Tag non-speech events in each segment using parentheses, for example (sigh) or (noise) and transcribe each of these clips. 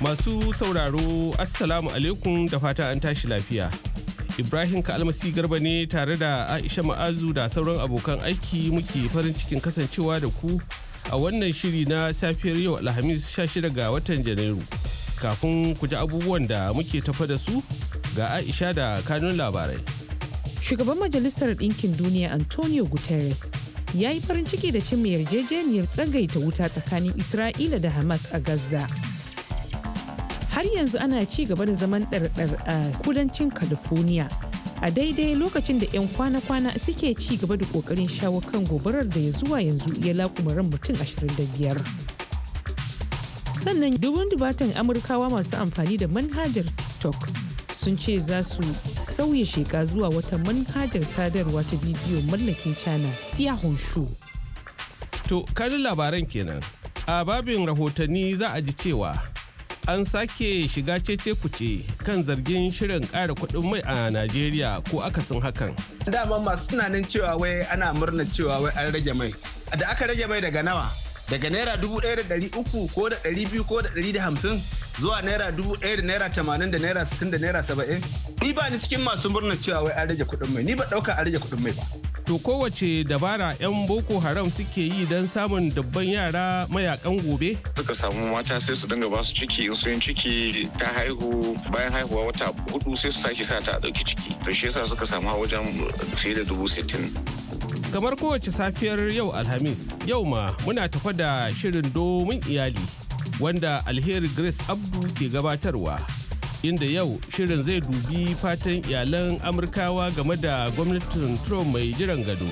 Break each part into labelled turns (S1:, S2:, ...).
S1: Masu sauraro Assalamu alaikum da fata an tashi lafiya. Ibrahim Kalmasi Garba ne tare da Aisha Ma'azu da sauran abokan aiki muke farin cikin kasancewa da ku a wannan shiri na safiyar yau Alhamis 16 ga watan Janairu. Kafin ku ji abubuwan da muke tafa da su ga Aisha da kanun labarai.
S2: Shugaban Majalisar Ɗinkin Duniya Antonio Guterres ya yi farin ciki da cin yarjejeniyar tsagaita wuta tsakanin Isra'ila da Hamas a Gaza. har yanzu ana ci gaba da zaman ɗarɗar a kudancin california a daidai lokacin da 'yan kwana-kwana suke ci gaba da kokarin shawo kan gobarar da ya zuwa yanzu ya mutum ran mutum 25 sannan dubun dubatan amurkawa masu amfani da manhajar tiktok sun ce za su sauya sheka zuwa wata manhajar sadarwa ta bidiyo mallakin china siya honshu
S1: to karin labaran kenan a babin rahotanni za a ji cewa an sake shiga cece kuce kan zargin shirin ƙara kuɗin mai a najeriya ko akasin hakan
S3: dama masu tunanin cewa wai ana murna cewa wai an rage mai da aka rage mai daga nawa daga naira dubu ɗaya da ɗari uku ko da ɗari biyu ko da ɗari da hamsin zuwa naira dubu ɗaya da naira tamanin da naira sittin da naira saba'in ni ba ni cikin masu murnar cewa wai an rage kuɗin mai ni ba ɗauka an rage kuɗin mai ba.
S1: to kowace dabara 'yan boko haram suke yi don samun dabban yara mayakan gobe
S4: suka samu mata sai su dinga basu ciki in sun ciki ta haihu bayan haihuwa wata hudu sai su sake sa ta a ɗauki ciki to shi yasa suka samu wajen fiye da dubu sittin
S1: Kamar kowace safiyar yau Alhamis, yau ma muna tafa da shirin domin iyali wanda alheri Grace Abdu ke gabatarwa. Inda yau shirin zai dubi fatan iyalan Amurkawa game da gwamnatin Trump mai jiran gado.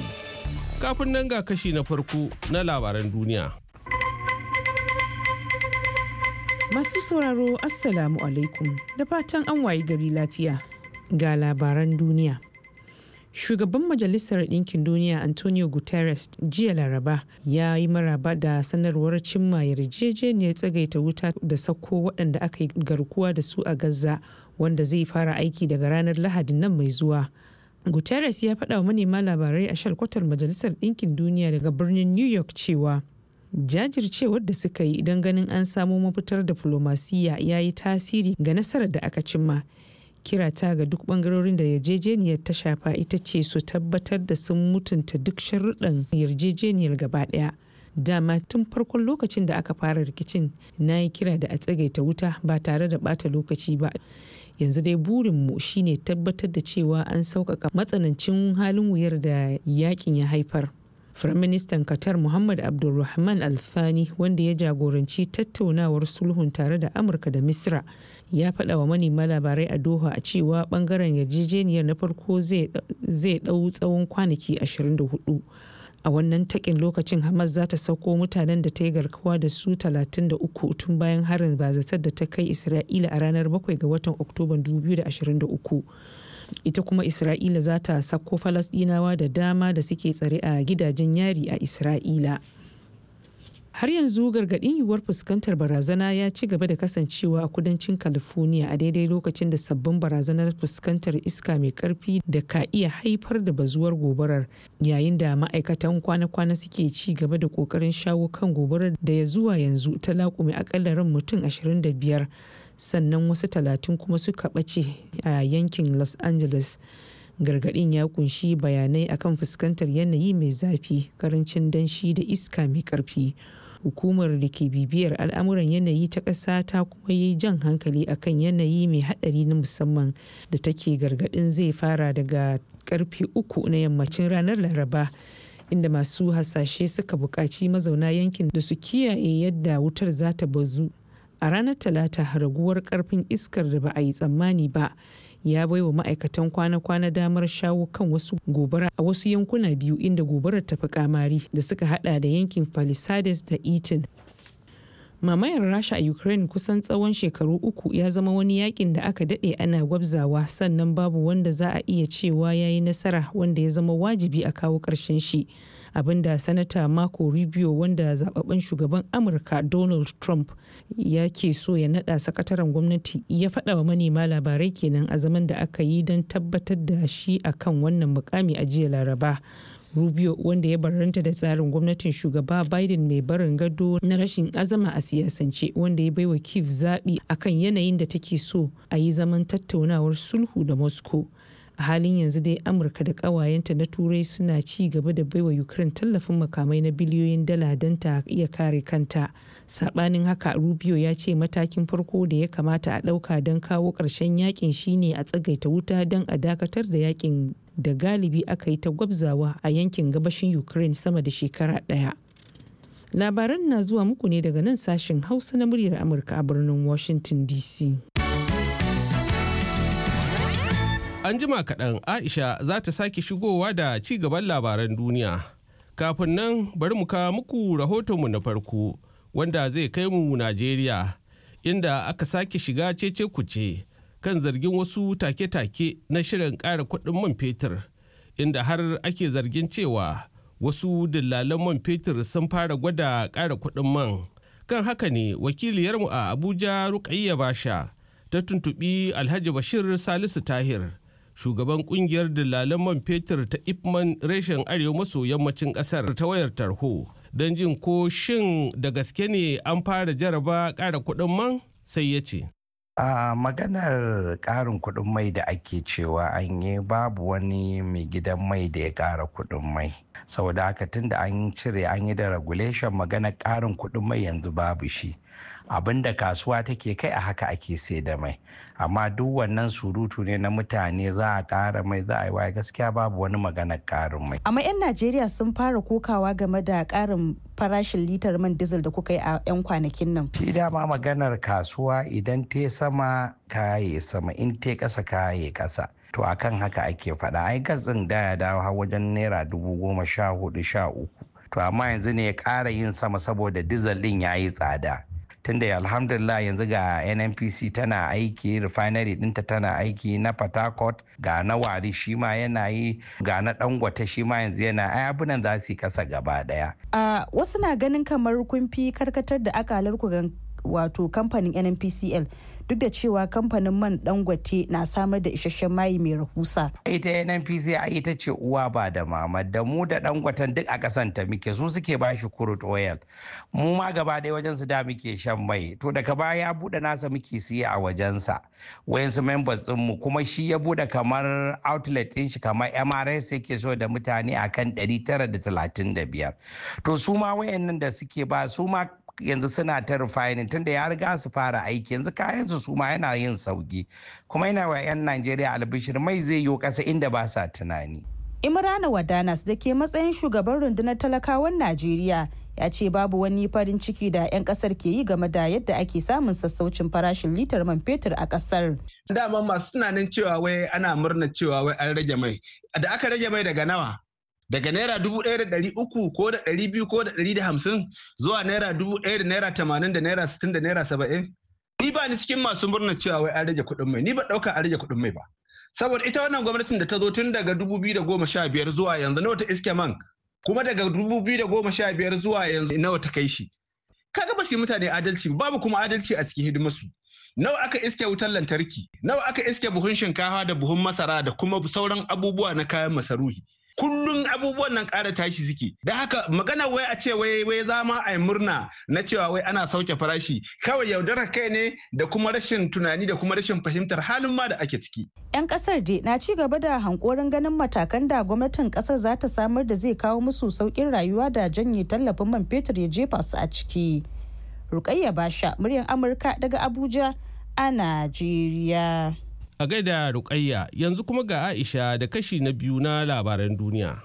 S1: Kafin nan ga kashi na farko na labaran duniya.
S2: Masu sauraro Assalamu alaikum da fatan an wayi gari lafiya ga labaran duniya. shugaban majalisar ɗinkin duniya antonio guterres jiya laraba ya yi maraba da sanarwar cimma yarjejeniyar tsagaita wuta da sako waɗanda aka yi garkuwa da su a gaza wanda zai fara aiki daga ranar lahadin nan mai zuwa guterres ya faɗa wa manema labarai a shalkwatar majalisar ɗinkin duniya daga birnin new york cewa jajircewar da suka yi idan ganin an samo mafitar diflomasiyya ya yi tasiri ga nasarar da aka cimma kira ta ga duk bangarorin da yarjejeniyar ta shafa ita ce su tabbatar da sun mutunta duk sharuɗan yarjejeniyar gaba ɗaya dama tun farkon lokacin da aka fara rikicin na yi kira da a tsagaita wuta ba tare da bata lokaci ba yanzu dai burinmu shine tabbatar da cewa an sauƙaƙa matsanancin halin wuyar da yakin ya haifar Firaministan Qatar Muhammad Abdulrahman Alfani wanda ya jagoranci tattaunawar sulhun tare da Amurka da Misra ya faɗa wa manema labarai a doha a cewa bangaren yarjejeniyar na farko zai ɗau tsawon kwanaki 24 a wannan takin lokacin hamas za ta sauko mutanen da ta yi garkuwa da su 33 tun bayan harin bazasar da ta kai isra'ila a ranar 7 ga watan oktoba 2023 ita kuma isra'ila za ta sako falasdinawa da dama da suke tsare a gidajen yari a isra'ila har yanzu gargaɗin yiwuwar fuskantar barazana ya ci gaba da kasancewa a kudancin california a daidai lokacin da sabbin barazanar fuskantar iska mai karfi da ka iya haifar da bazuwar gobarar yayin da ma'aikatan kwana-kwana suke ci gaba da kokarin shawo kan gobarar da ya zuwa yanzu ta laƙume akalla ran mutum 25 sannan wasu talatin kuma suka ɓace a yankin los angeles gargaɗin ya kunshi bayanai akan fuskantar yanayi mai zafi karancin danshi da iska mai ƙarfi. hukumar da ke bibiyar al'amuran yanayi ta ƙasa ta kuma yi jan hankali akan yanayi mai haɗari na musamman da take gargaɗin zai fara daga karfe uku na yammacin ranar laraba inda masu hasashe suka buƙaci mazauna yankin da su kiyaye yadda wutar za ta bazu a ranar talata raguwar karfin iskar da ba a yi tsammani ba ya bai wa ma'aikatan kwana-kwana damar shawo kan wasu gobara a wasu yankuna biyu inda gobarar ta fi kamari da suka hada da yankin palisades da eton mamayar rasha a ukraine kusan tsawon shekaru uku ya zama wani yakin da aka dade ana gwabzawa sannan babu wanda za a iya cewa ya yi nasara wanda ya zama wajibi a kawo karshen shi. abinda sanata marco rubio wanda zababben shugaban amurka donald trump ya ke so ya nada sakataren gwamnati ya fada wa manema labarai kenan a zaman da aka yi don tabbatar da shi akan wannan mukami a jiya laraba rubio wanda ya baranta da tsarin gwamnatin shugaba biden mai barin gado na rashin azama a siyasance wanda ya baiwa kif zaɓi akan yanayin da take so a yi zaman tattaunawar sulhu da moscow a halin yanzu dai amurka da ƙawayenta na turai suna ci gaba da baiwa ukraine tallafin makamai na biliyoyin dala don ta iya kare kanta sabanin haka rubio ya ce matakin farko da ya kamata a ɗauka don kawo ƙarshen yakin shine a tsagaita wuta don a dakatar da yakin da galibi aka yi ta gwabzawa a yankin gabashin ukraine sama da shekara ɗaya labaran na zuwa muku ne daga nan sashen hausa na muryar amurka a birnin washington dc
S1: An jima kaɗan Aisha za ta sake shigowa da ci gaban labaran duniya. Kafin nan bari mu ka muku rahotonmu na farko wanda zai kai mu Najeriya inda aka sake shiga cece kuce kan zargin wasu take-take na shirin ƙara kuɗin man fetur inda har ake zargin cewa wasu dillalan man fetur sun fara gwada ƙara kuɗin man. Kan haka ne wakiliyarmu a Abuja Rukayya Basha. ta tuntubi alhaji bashir salisu tahir shugaban kungiyar dalalan man fetur ta ipman reshen arewa maso yammacin kasar ta wayar tarho don jin ko shin da gaske ne an fara jaraba ƙara kuɗin man sai ya ce
S5: a maganar ƙarin kuɗin mai da ake cewa an yi babu wani mai gidan mai da ya ƙara kuɗin mai saboda haka tun da an cire an yi da regulation maganar ƙarin kuɗin mai yanzu babu shi Abinda kasuwa take kai a haka ake sai da mai amma duk wannan surutu ne na mutane za a kara mai za a yi waye gaskiya babu wani maganar karin mai
S6: amma 'yan najeriya sun fara kokawa game da karin farashin litar man diesel da kuka yi a 'yan kwanakin nan
S5: shi dama maganar kasuwa idan te sama kaye sama in te kasa kaye kasa, to akan haka ake faɗa ai gas ɗin da ya dawo har wajen naira dubu goma sha hudu sha uku to amma yanzu ne ya ƙara yin sama saboda dizal ɗin ya yi tsada tunda alhamdulillah yanzu ga nnpc tana aiki refinery dinta tana aiki na patakot ga na wari shi ma yana yi ga na dangwata shi ma yanzu yana ayabunan za su yi kasa gaba daya
S6: a wasu na ganin kamar kun fi karkatar da akalar ku wato kamfanin nnpcl duk da cewa kamfanin man dangote na samar da isasshen mayi mai rahusa.
S5: Ita NNPC a ita ce uwa ba da mama da mu da dangwatan duk a kasan ta muke su suke ba shi kurut oil. Mu ma gaba ɗaya wajen su da muke shan mai to daga baya ya buɗe nasa muke siya a wajensa. Wayansu members ɗin mu kuma shi ya buɗe kamar outlet ɗin shi kamar MRS yake so da mutane akan 935. To su ma wayannan da suke ba su ma yanzu suna ta refining tunda ya riga su fara aiki yanzu kayan su suma yana yin sauki kuma yana wa 'yan najeriya albishir mai zai yi kasa inda ba sa tunani
S6: imrana wadanas da ke matsayin shugaban rundunar talakawan najeriya ya ce babu wani farin ciki da 'yan kasar ke yi game da yadda ake samun sassaucin farashin litar man fetur a kasar
S3: dama masu tunanin cewa wai ana murna cewa wai an rage mai da aka rage mai daga nawa daga naira dubu ɗaya da ɗari uku ko da ɗari biyu ko da ɗari da hamsin zuwa naira dubu ɗaya da naira tamanin da naira sittin da naira saba'in ni ba ni cikin masu murna cewa wai an rage kuɗin mai ni ba ɗauka an rage kuɗin mai ba saboda ita wannan gwamnatin da ta zo tun daga dubu biyu da goma sha biyar zuwa yanzu nawa ta iske man kuma daga dubu biyu da goma sha biyar zuwa yanzu nawa ta kai shi kaga ba su mutane adalci babu kuma adalci a cikin hidimarsu nawa aka iske wutar lantarki nawa aka iske buhun shinkafa da buhun masara da kuma sauran abubuwa na kayan masarufi kullum abubuwan nan ƙara tashi suke da haka magana wai a ce wai wai zama a yi murna na cewa wai ana sauke farashi kawai yaudara kai ne da kuma rashin tunani da kuma rashin fahimtar halin ma da ake ciki
S6: yan ƙasar dai na ci gaba da hankorin ganin matakan da gwamnatin ƙasar za ta samar da zai kawo musu sauƙin rayuwa da janye tallafin man fetur ya jefa su a ciki rukayya basha muryar amurka daga abuja a najeriya
S1: A gaida Rukayya yanzu kuma ga Aisha da kashi na biyu na labaran duniya.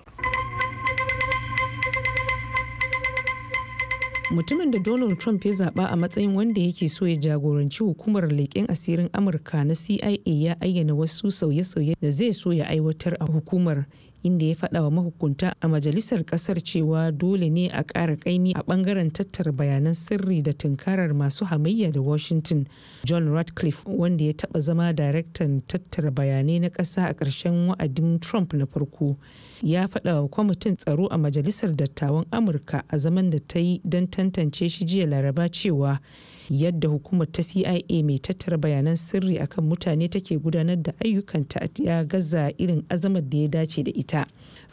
S2: Mutumin da Donald Trump ya zaba a matsayin wanda yake so ya jagoranci hukumar leƙen asirin Amurka na CIA ya ayyana wasu sauye-sauye da zai so ya aiwatar a hukumar inda ya faɗa wa mahukunta a majalisar ƙasar cewa dole ne a ƙara ƙaimi a ɓangaren tattara bayanan sirri da tunkarar masu hamayya da Washington. John Ratcliffe wanda ya taɓa zama daraktan tattara bayanai na ƙasa a ƙarshen wa'adin Trump na farko. Ya faɗa wa kwamitin tsaro a majalisar dattawan Amurka a zaman da ta yi don tantance shi jiya laraba cewa yadda hukumar ta cia mai tattara bayanan sirri akan mutane take gudanar da ayyukanta ya gaza irin azamar da ya dace da ita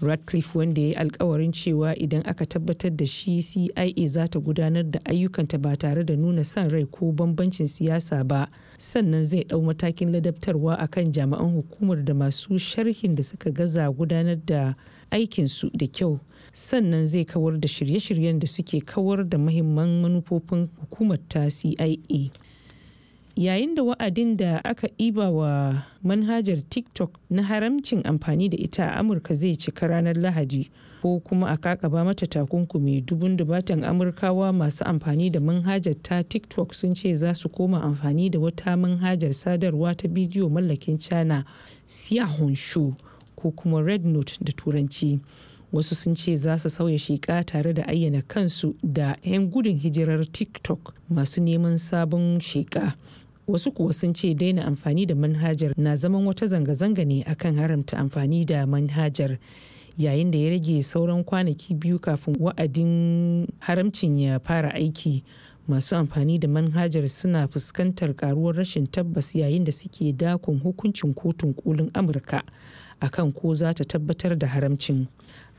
S2: radcliffe wanda ya yi alkawarin cewa idan aka tabbatar da shi cia za ta gudanar da ayyukanta ba tare da nuna san rai ko bambancin siyasa ba sannan zai ɗau matakin ladabtarwa akan jami'an hukumar da masu sharhin da suka gaza gudanar da aikinsu da kyau sannan zai kawar da shirye-shiryen da suke kawar da mahimman manufofin hukumar ta cia yayin da wa'adin da aka ɗiba wa manhajar tiktok na haramcin amfani da ita a amurka zai cika ranar lahadi ko kuma a kakaba mata takunkumi dubun dubatan amurkawa masu amfani da manhajar ta tiktok sun ce za su koma amfani da wata manhajar sadarwa ta bidiyo mallakin china siya ko kuma red note da turanci wasu sun ce za su sauya sheƙa tare da ayyana kansu da 'yan gudun hijirar tiktok masu neman sabon sheƙa wasu kuwa sun ce daina amfani da manhajar na zaman wata zanga-zanga ne akan haramta amfani da manhajar yayin da ya rage sauran kwanaki biyu kafin wa'adin haramcin ya fara aiki masu amfani da manhajar suna fuskantar karuwar rashin tabbas yayin da suke dakon hukuncin kotun kolin amurka akan ko za ta tabbatar da haramcin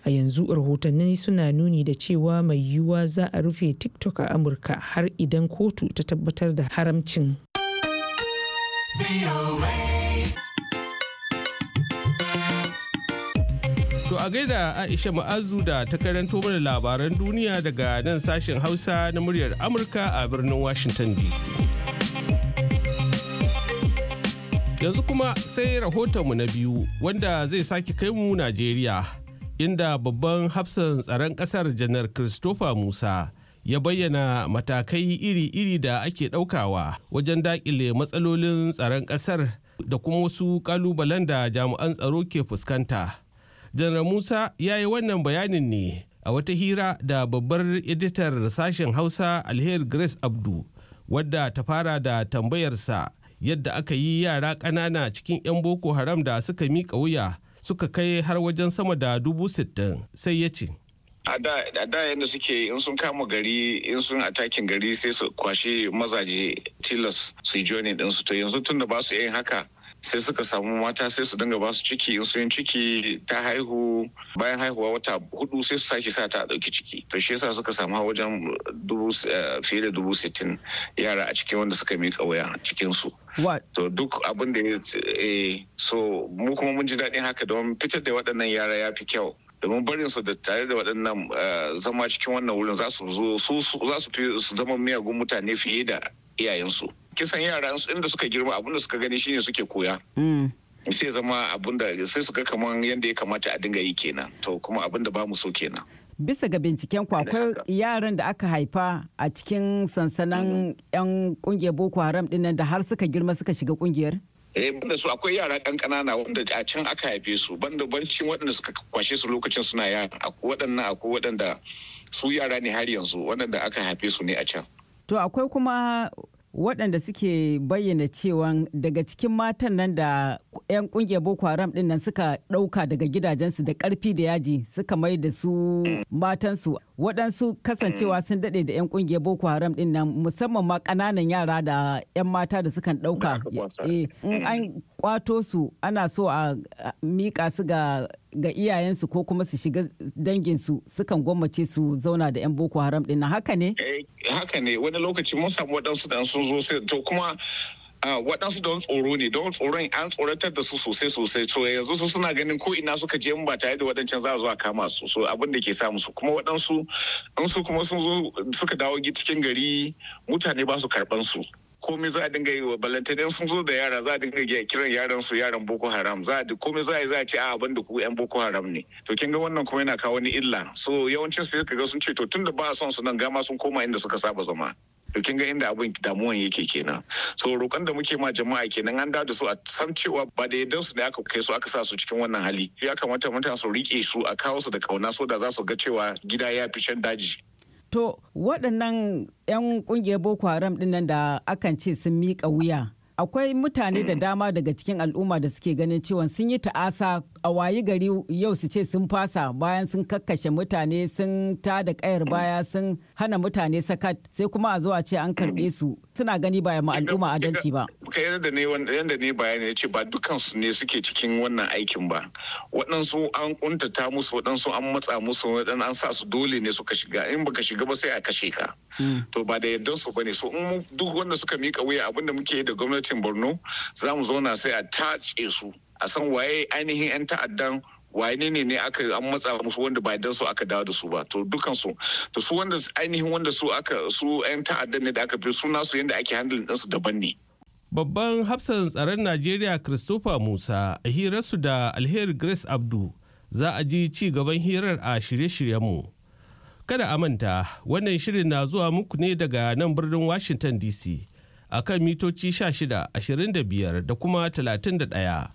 S2: a yanzu rahotanni suna nuni da cewa mai yiwuwa za a rufe tiktok a amurka har idan kotu ta tabbatar da haramcin
S1: To a gaida Aisha Ma'azu da ta karanto mana labaran duniya daga nan sashen Hausa na muryar Amurka a birnin Washington DC. Yanzu kuma sai rahotonmu na biyu wanda zai sake kai mu Najeriya. inda babban hafsan tsaron kasar janar christopher musa ya bayyana matakai iri-iri da ake ɗaukawa wajen daƙile matsalolin tsaron kasar da kuma wasu ƙalubalen da jami'an tsaro ke fuskanta. Janar Musa ya yi wannan bayanin ne a wata hira da babbar editar sashen Hausa Alheri Grace Abdu wadda ta fara da tambayarsa yadda aka yi yara ƙanana cikin 'yan Boko Haram da suka miƙa wuya suka kai har wajen sama da dubu sittin sai ya ce
S4: a da yadda suke in sun kama gari in sun atakin gari sai su kwashe mazaje tilas su yi joni ɗinsu to yanzu tunda da ba su yin haka sai suka samu mata sai su dinga ba su ciki in sun ciki ta haihu bayan haihuwa wata hudu sai su sake sa ta dauki ciki to shi yasa suka samu wajen eh, fiye da dubu sittin yara a cikin wanda suka miƙa wuya cikin su to duk abin da ya eh, so mu kuma mun ji daɗin haka don fitar da waɗannan yara ya fi kyau domin barin su da tare da waɗannan eh, zama cikin wannan wurin za su zo su zama miyagun mutane fiye da iyayensu kisan yara inda suka girma abinda suka gani shine suke koya hmm. sai zama abinda sai su ga yadda ya kamata a dinga yi kenan to kuma abinda ba mu so kenan
S7: bisa ga binciken ku akwai yaran da aka haifa a cikin sansanin yan kungiyar boko haram dinnan da har suka girma suka shiga kungiyar
S4: eh banda su akwai yara kan kanana wanda a can aka haife su banda bancin waɗanda suka kwashe su lokacin suna yara akwai waɗannan akwai waɗanda su yara ne har yanzu waɗanda aka haife su ne a can
S7: to akwai kuma waɗanda suke bayyana cewa daga cikin matan nan da 'yan ƙungiyar boko haram ɗin nan suka ɗauka daga gidajensu da ƙarfi da yaji suka mai da su matansu waɗansu kasancewa mm. sun daɗe da 'yan ƙungiyar boko haram ɗin nan musamman ma ƙananan yara da 'yan mata da sukan ɗauka eh, in mm. an kwato su ana so a miƙa su ga iyayensu ko kuma su shiga danginsu sukan gwammace su zauna da 'yan boko haram ɗin haka ne? Eh,
S4: haka ne wani lokaci mun samu waɗansu dan sun zo sai to kuma Ah, waɗansu don tsoro ne don tsoron an tsoratar da su sosai sosai so yanzu su suna ganin ko ina suka je ba tare da waɗancan za a zo a kama su so abin da ke samu su kuma waɗansu in su kuma sun zo suka dawo cikin gari mutane ba su karɓan su komai za a dinga yi wa balantane sun zo da yara za a dinga kiran yaran su yaran boko haram za a komai za a yi za a ce a ah, abin da ku yan boko haram ne to kin ga wannan kuma yana kawo ni illa so yawancin su kaga sun ce to tunda ba a son su nan gama sun koma inda suka saba zama to kin ga inda abin damuwan yake kenan so roƙon da muke ma jama'a kenan an da su a san cewa ba da yaddan su ne aka kai su aka sa su cikin wannan hali ya kamata mutane su rike su a kawo su da kauna so da za su ga cewa gida ya fi can daji
S7: to waɗannan 'yan ƙungiyar boko haram ɗin nan da akan ce sun miƙa wuya akwai mutane da dama daga cikin al'umma da suke ganin cewa sun yi ta'asa a wayi gari yau su ce sun fasa bayan sun kakkashe mutane sun ta da kayar baya sun hana mutane sakat sai kuma a zuwa ce an karɓe su suna gani ba ma al'umma adalci ba.
S4: yadda ne yadda ne bayani ya ce ba dukkan su ne suke cikin wannan aikin ba waɗansu an kuntata musu waɗansu an matsa musu waɗansu an sa su dole ne suka shiga in baka shiga ba sai a kashe ka to ba da yadda su bane so in duk wanda suka mika wuya abinda muke da gwamnati gwamnatin borno za mu zauna sai a tace su a san waye ainihin 'yan ta'addan wani ne ne aka an matsa musu wanda ba dan su aka dawo da su ba to dukan su to su wanda ainihin wanda su aka su yan ta'addan ne da aka fi suna su yanda ake handling din su daban ne
S1: babban hafsan tsaron Najeriya Christopher Musa a hirarsu da Alheri Grace Abdu za a ji ci gaban hirar a shirye shiryen mu kada a manta wannan shirin na zuwa muku ne daga nan birnin Washington DC a kan mitoci 16,25 da kuma 31.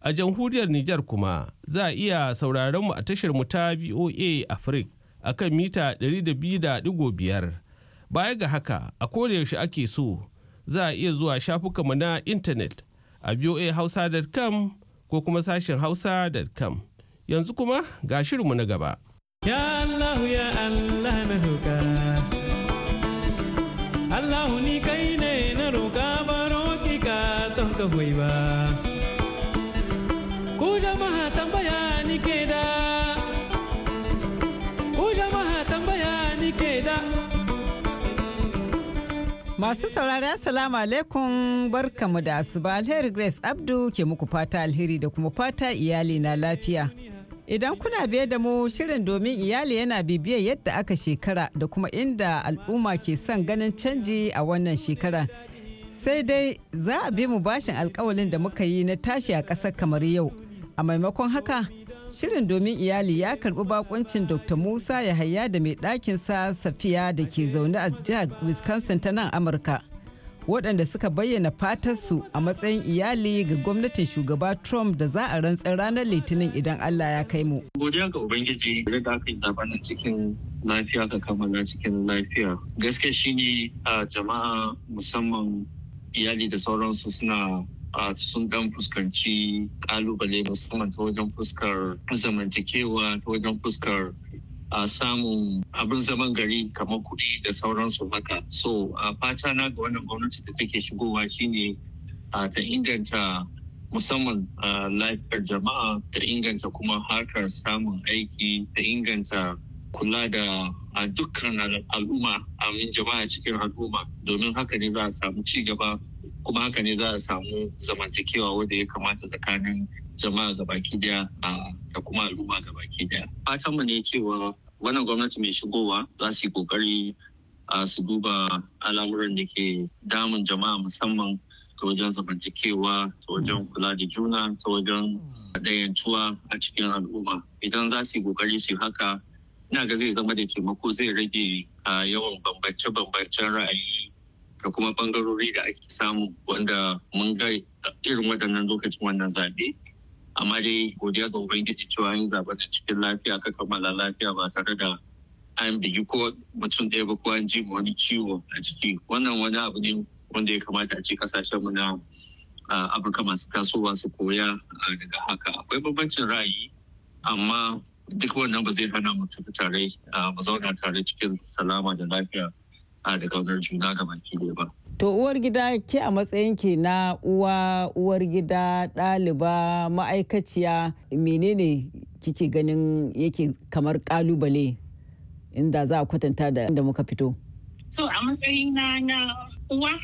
S1: A jamhuriyar Nijar kuma za a iya sauraron mu a tashar mu ta VOA Africa a kan mita 200.5. Baya ga haka a yaushe ake so za a iya zuwa shafukanmu na intanet a voahausa.com ko kuma sashen hausa.com. Yanzu kuma ga shirinmu na gaba.
S8: Ya Allah ya Allah na Allah ni kai ku tambaya ni ke da
S7: tambaya ni Masu saurari Assalamu alaikum barkamu da asuba alheri Grace Abdu ke muku fata alheri da kuma fata iyali na lafiya. Idan kuna biye da mu shirin domin iyali yana bibiyar yadda aka shekara da kuma inda al'umma ke son ganin canji a wannan shekarar. sai dai za a bi mu bashin alkawalin da muka yi na tashi a ƙasar kamar yau a maimakon haka shirin domin iyali ya karbi bakuncin dr musa yahaya da mai sa safiya da ke zaune a jihar wisconsin ta nan amurka waɗanda suka bayyana fatar su a matsayin iyali ga gwamnatin shugaba Trump da za a rantsar ranar Litinin idan Allah ya kai mu.
S9: Godiya
S8: ga Ubangiji da aka zaben cikin lafiya ka kammala cikin lafiya. Gaskiya shine a jama'a musamman iyali da sauransu suna a sun dan fuskanci kalubale musamman ta wajen fuskar zamantakewa ta wajen fuskar a samun abin zaman gari kamar kuɗi da sauransu haka so a fata na ga wannan gwamnati da take shigowa shine ta inganta musamman lafiyar jama'a ta inganta kuma harkar samun aiki ta inganta kula da dukkan al'umma a min jama'a cikin al'umma domin haka ne za a samu ci gaba kuma haka ne za a samu zamantakewa wanda ya kamata tsakanin jama'a ga baki daya da kuma al'umma ga baki daya fatan mu ne cewa wannan gwamnati mai shigowa za su yi kokari su duba al'amuran da ke damun jama'a musamman ta wajen zamantakewa ta wajen kula da juna ta wajen ɗayantuwa a cikin al'umma idan za su yi kokari su haka ina ga zai zama da taimako zai rage yawan bambance-bambancen ra'ayi da kuma bangarori da ake samu wanda mun ga irin waɗannan lokacin wannan zaɓe amma dai godiya ga ubangiji cewa yin da cikin lafiya ka kammala lafiya ba tare da an bigi ko mutum ɗaya ba ko an ji wani ciwo a ciki. wannan wani abu ne wanda ya kamata a ci kasashen mu na afirka masu tasowa su koya daga haka akwai bambancin ra'ayi amma duk wannan ba zai hana mu tafi tare mu zauna tare cikin salama da lafiya a da kaunar juna ga baki ne ba.
S7: To uwar gida ke a matsayin ke na uwa uwar gida ɗaliba ma'aikaciya menene kike ganin yake kamar kalubale inda za a kwatanta da inda muka fito?
S9: So a matsayin na na uwa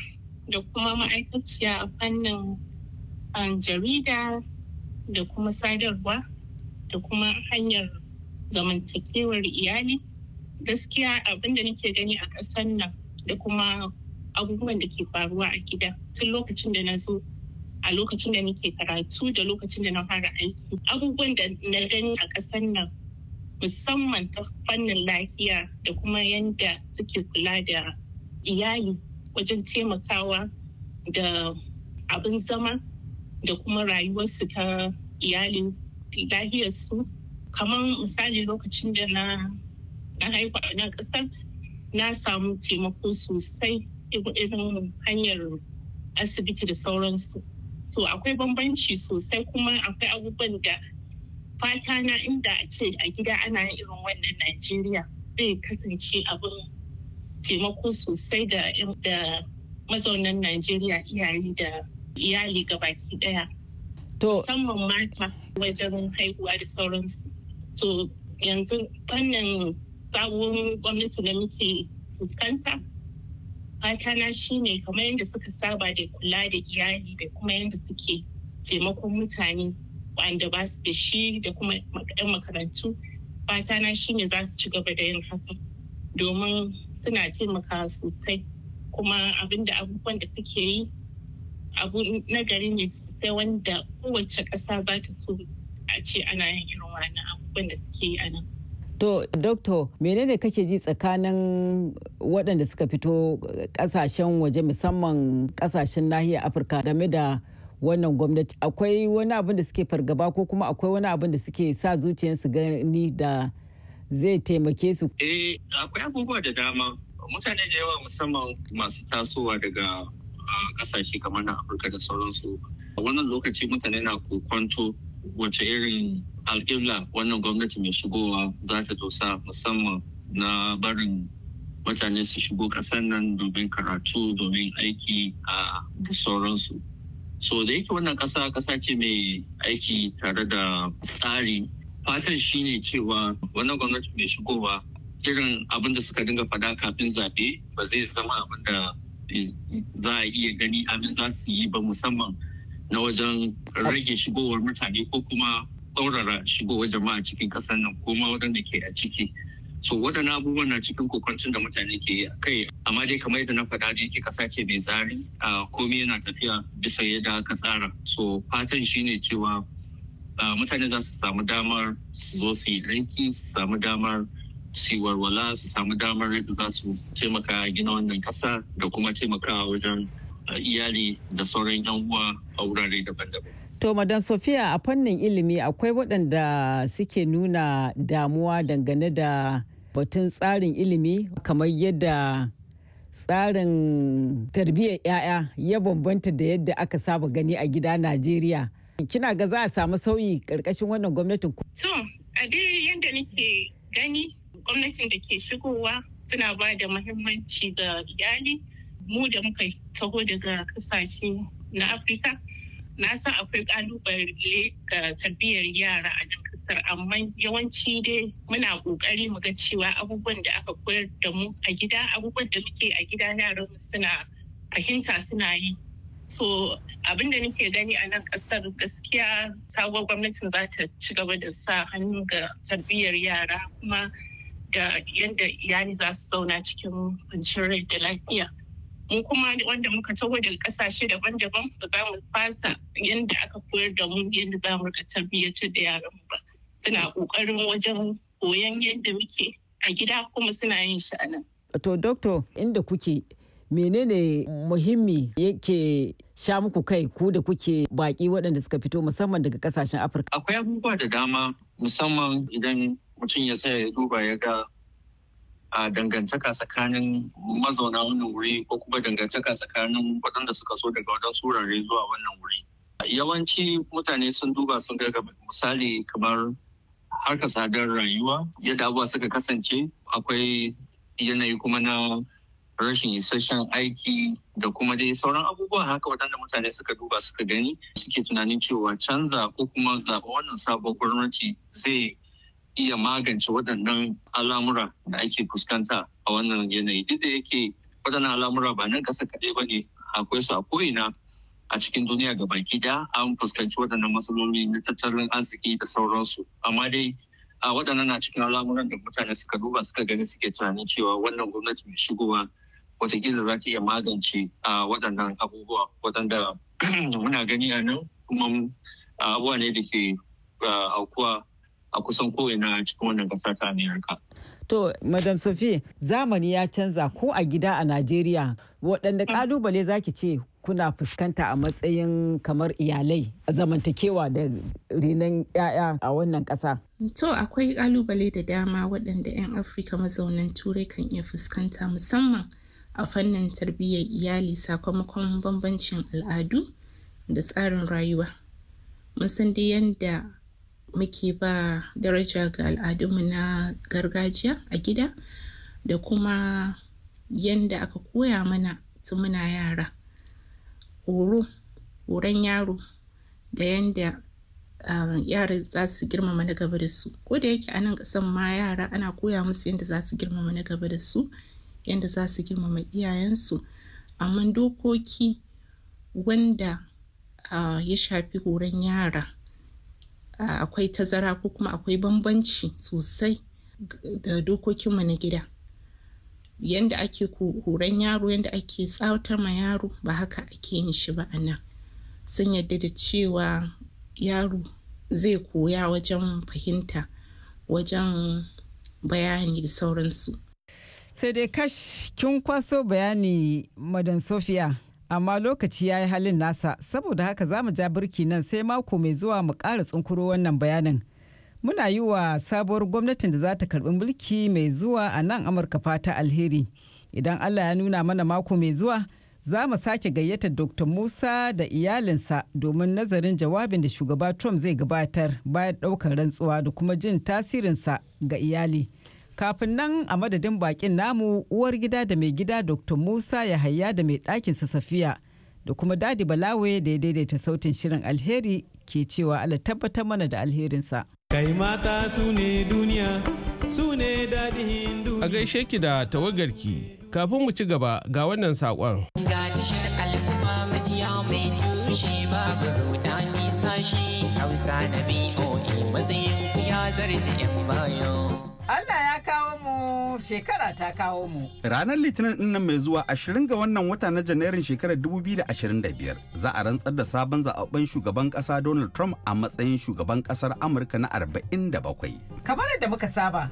S9: da kuma ma'aikaciya a fannin um, jarida da kuma sadarwa da kuma hanyar zamantakewar iyali. gaskiya abin da nake gani a ƙasar nan da kuma abubuwan da ke faruwa a gida tun lokacin da na zo a lokacin da nake karatu da lokacin da na fara aiki abubuwan da na gani a ƙasar nan musamman ta fannin lafiya da kuma yadda suke kula da iyali wajen taimakawa da abin zama da kuma rayuwarsu ta iyali lafiyarsu kamar misali lokacin da na na haihu a ƙasar na samu taimako sosai irin hanyar asibiti da sauransu so akwai bambanci sosai kuma akwai abubuwan da fata na inda a ce a gida ana irin wannan najeriya zai kasance abin taimako sosai da mazaunan najeriya iyaye da iyali gabaki daya musamman mata wajen haihuwa da sauransu so yanzu fannin sabuwar gwamnati da muke fuskanta fatana shine kamar yadda suka saba da kula da iyali da kuma yadda suke taimakon mutane wanda ba su da shi da kuma 'yan makarantu fatana shine za su ci gaba da yin haka domin suna taimakawa sosai kuma abinda abubuwan da suke yi abu nagari ne sosai wanda kowace ƙasa za ta so a ce ana yin irin wani abubuwan da suke yi a nan
S7: To, Doktor, menene kake ji tsakanin waɗanda suka fito ƙasashen waje musamman ƙasashen nahiyar Afirka game da wannan gwamnati? Akwai wani abin da suke fargaba ko kuma akwai wani abin da suke sa zuciyarsu gani da zai taimake su?
S8: Eh, akwai abubuwa da dama. Mutane da yawa musamman masu tasowa daga ƙasashe kamar na Afirka da sauransu. A wannan lokaci mutane na kokonto wace irin alƙibla wannan gwamnati mai shigowa za ta dosa musamman na barin mutane su shigo ƙasar nan domin karatu domin aiki a da sauransu so da yake wannan ƙasa ƙasa ce mai aiki tare da tsari fatan shi ne cewa wannan gwamnati mai shigowa irin abin da suka dinga fada kafin zaɓe ba zai zama abin da eh, za a iya gani abin za su yi ba musamman na wajen rage shigowar mutane ko kuma tsaurara shigowar jama'a cikin ƙasar nan ko ma waɗanda ke a ciki so waɗannan abubuwan na cikin kokoncin da mutane ke yi kai amma dai kamar yadda na faɗa da yake ƙasa ce mai tsari komai yana tafiya bisa yadda aka tsara so fatan shine cewa mutane za su samu damar su zo su yi aiki su samu damar su yi walwala su samu damar yadda za su taimaka gina wannan ƙasa da kuma taimakawa wajen iyali da sauran 'yan uwa a wurare daban-daban
S7: To, Madam Sophia a fannin ilimi akwai waɗanda suke nuna damuwa dangane da batun tsarin ilimi kamar yadda tsarin tarbiyyar 'ya'ya ya bambanta da yadda aka saba gani a gida Najeriya. Kina ga za a samu sauyi ƙarƙashin wannan gwamnatin?
S9: To, a dai yadda nake gani gwamnatin da ke shigowa suna ba da muhimmanci ga iyali mu da muka taho daga ƙasashe na Afirka. na san akwai kalubale ga tarbiyyar yara a nan kasar amma yawanci dai muna kokari mu ga cewa abubuwan da aka koyar da mu a gida abubuwan da muke a gida yaran suna fahimta suna yi so abin da nake gani a nan kasar gaskiya sabuwar gwamnati za ta ci gaba da sa hannu ga tarbiyyar yara kuma da yadda iyali za su zauna cikin kwanciyar da lafiya. mu kuma wanda muka taho daga kasashe daban-daban ba za mu fasa yadda aka koyar da mu yadda za mu rika da yaran mu ba suna kokarin wajen koyan yadda muke a gida kuma suna yin shi a nan.
S7: to doctor inda kuke menene muhimmi yake sha muku kai ku da kuke baki waɗanda suka fito musamman daga kasashen afirka
S8: akwai abubuwa da dama musamman idan mutum ya saya ya duba ya ga a dangantaka tsakanin mazauna wannan wuri ko kuma dangantaka tsakanin waɗanda suka so daga wajen surare zuwa wannan wuri yawanci mutane sun duba sun ga misali kamar harka sadar rayuwa yadda abubuwa suka kasance akwai yanayi kuma na rashin isasshen aiki da kuma dai sauran abubuwa haka waɗanda mutane suka duba suka gani suke tunanin cewa canza ko kuma zaɓa wannan sabon gwamnati zai iya magance waɗannan al'amura da ake fuskanta a wannan yanayi duk da yake waɗannan al'amura ba nan ƙasa kaɗai ba ne akwai su a ko'ina a cikin duniya ga baki an fuskanci waɗannan matsaloli na tattalin arziki da sauransu amma dai a waɗannan na cikin al'amuran da mutane suka duba suka gani suke tunanin cewa wannan gwamnati mai shigowa watakila za ta iya magance a waɗannan abubuwa waɗanda (clears throat) muna gani a nan kuma abubuwa ne da ke aukuwa a kusan kowane cikin wannan kasar ta Amerika.
S7: To, Madam Sophie, zamani ya canza ko a gida a Najeriya, waɗanda mm. ƙalubale za ki ce kuna fuskanta a matsayin kamar iyalai a zamantakewa da renon 'ya'ya a wannan ƙasa? To, akwai
S10: ƙalubale da dama waɗanda 'yan Afrika mazaunan Turai kan iya fuskanta musamman a fannin tarbiyyar iyali sakamakon bambancin al'adu da tsarin rayuwa. Mun san dai yadda muke ba daraja ga al'adunmu na gargajiya a gida da kuma yanda aka koya mana tun muna yara horo horon yaro da yanda ah, yaran za su girmama na gaba da su ko da yake anan nan kasan ma yara ana koya musu yadda za su girmama na gaba da su yadda za su girmama iyayensu amma dokoki wanda ah, ya shafi horon yara akwai tazara ko kuma akwai bambanci sosai da dokokinmu na gida yanda ake horon yaro yanda ake tsawatar ma yaro ba haka ake yin shi ba a nan sun yadda da cewa yaro zai koya wajen fahimta wajen
S7: bayani da sauransu sai dai kash kin kwaso bayani madan sofiya amma lokaci ya yi halin nasa saboda haka za mu ja birki nan sai mako mai zuwa mu ƙara tsunkuro wannan bayanin muna yi wa sabuwar gwamnatin da za ta karbi mulki mai zuwa a nan amurka fata alheri idan allah ya nuna mana mako mai zuwa za mu sake gayyatar dr musa da iyalinsa domin nazarin jawabin da shugaba trump zai gabatar bayan ɗaukar rantsuwa da kuma jin tasirinsa ga iyali kafin nan a madadin bakin namu uwar gida da mai gida dr musa yahaya da mai ɗakin sa safiya da kuma dadi balawe da ya daidaita sautin shirin alheri ke cewa ala tabbatar mana da alherinsa
S3: kai mata su ne duniya
S10: su ne dadihin duniya
S1: a gaishe ki da tawagarki kafin mu ci gaba ga wannan sakon.
S10: ga tashar mai tushe babu hausa na
S7: Allah ya shekara ta kawo mu. Ranar Litinin ɗin mai zuwa
S3: 20 ga wannan wata na Janairun shekarar 2025 za a rantsar da sabon zaɓen shugaban ƙasa Donald Trump a matsayin shugaban ƙasar Amurka na 47.
S7: Kamar yadda muka saba,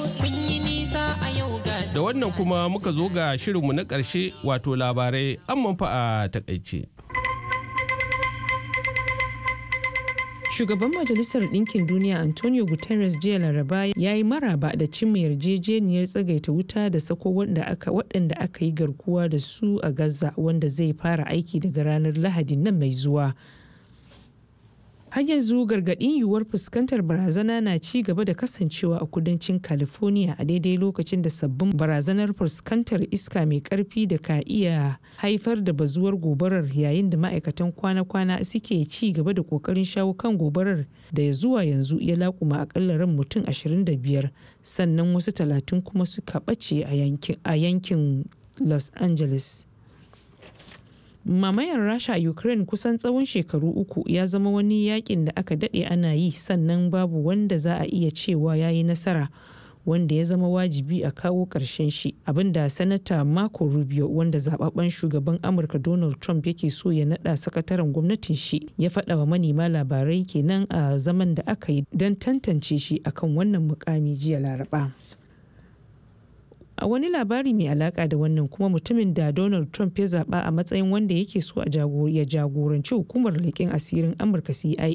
S7: da wannan kuma
S1: muka zo ga shirinmu na ƙarshe wato labarai an manfa a takaice.
S2: Shugaban Majalisar Ɗinkin Duniya Antonio Guterres jiya Laraba ya yi maraba da cimma yarjejeniyar tsagaita wuta da sako waɗanda aka yi garkuwa da su a Gaza wanda zai fara aiki daga ranar Lahadi nan mai zuwa. har yanzu gargaɗin yiwuwar fuskantar barazana na ci gaba da kasancewa a kudancin california a daidai lokacin da sabbin barazanar fuskantar iska mai karfi da ka iya haifar da bazuwar gobarar yayin da ma'aikatan kwana-kwana suke ci gaba da kokarin shawo kan gobarar da ya zuwa yanzu ya lakuma akalla ran mutum 25 sannan wasu talatin kuma suka ɓace a yankin los angeles mamayar rasha ukraine kusan tsawon shekaru uku ya zama wani yakin da aka dade ana yi sannan babu wanda za a iya cewa ya yi nasara wanda ya zama wajibi a kawo karshen shi abinda sanata marco rubio wanda zababben shugaban amurka donald trump yake so ya nada sakataren gwamnatin shi ya faɗawa wa manema labarai kenan a zaman da aka yi don tantance shi akan wannan mukami jiya laraba a wani labari mai alaka da wannan kuma mutumin da donald trump ya zaba a matsayin wanda yake so ya jagoranci hukumar leƙen asirin amurka cia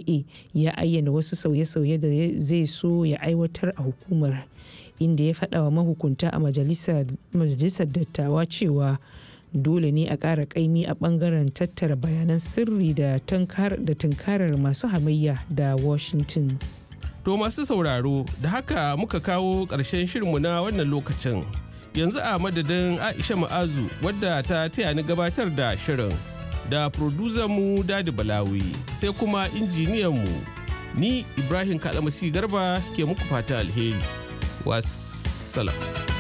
S2: ya ayyana wasu sauye-sauye da zai so ya aiwatar a hukumar inda ya faɗa wa mahukunta a majalisar dattawa cewa dole ne a ƙara ƙaimi a ɓangaren tattara bayanan sirri da tunkarar masu hamayya da washington
S1: to masu sauraro da haka muka kawo ƙarshen shirinmu na wannan lokacin yanzu a madadin aisha ma'azu wadda ta taya ni gabatar da shirin da mu dadi balawi sai kuma injiniyan mu ni ibrahim kalamasi garba ke muku fata alheri wassalam